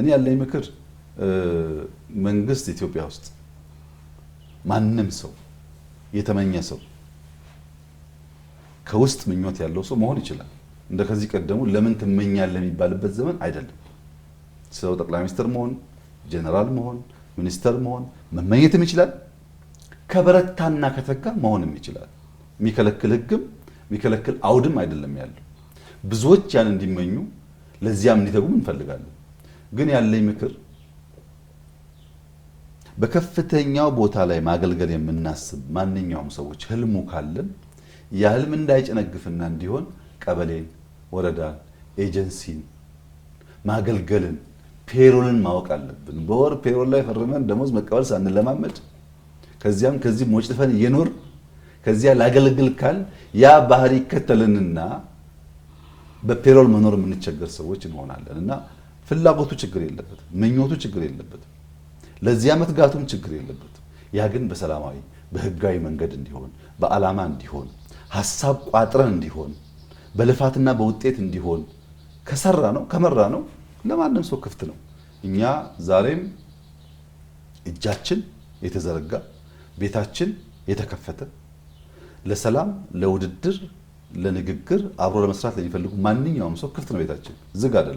እኔ ያለኝ ምክር መንግስት ኢትዮጵያ ውስጥ ማንም ሰው የተመኘ ሰው ከውስጥ ምኞት ያለው ሰው መሆን ይችላል። እንደ ከዚህ ቀደሙ ለምን ትመኛለህ የሚባልበት ዘመን አይደለም። ሰው ጠቅላይ ሚኒስትር መሆን፣ ጀነራል መሆን፣ ሚኒስተር መሆን መመኘትም ይችላል። ከበረታና ከተጋ መሆንም ይችላል። የሚከለክል ህግም የሚከለክል አውድም አይደለም ያለው። ብዙዎች ያን እንዲመኙ ለዚያም እንዲተጉም እንፈልጋለን። ግን ያለኝ ምክር በከፍተኛው ቦታ ላይ ማገልገል የምናስብ ማንኛውም ሰዎች ህልሙ ካለን ያ ህልም እንዳይጨነግፍና እንዲሆን ቀበሌን፣ ወረዳን፣ ኤጀንሲን ማገልገልን ፔሮልን ማወቅ አለብን። በወር ፔሮል ላይ ፈርመን ደሞዝ መቀበል ሳንለማመድ ከዚያም ከዚህ ሞጭፈን እየኖር ከዚያ ላገልግል ካል ያ ባህሪ ይከተልንና በፔሮል መኖር የምንቸገር ሰዎች እንሆናለን እና ፍላጎቱ ችግር የለበትም። ምኞቱ ችግር የለበትም። ለዚያ መትጋቱም ችግር የለበትም። ያ ግን በሰላማዊ በህጋዊ መንገድ እንዲሆን በዓላማ እንዲሆን ሀሳብ ቋጥረን እንዲሆን በልፋትና በውጤት እንዲሆን ከሰራ ነው ከመራ ነው ለማንም ሰው ክፍት ነው። እኛ ዛሬም እጃችን የተዘረጋ ቤታችን የተከፈተ ለሰላም፣ ለውድድር፣ ለንግግር አብሮ ለመስራት ለሚፈልጉ ማንኛውም ሰው ክፍት ነው ቤታችን ዝግ አይደለም።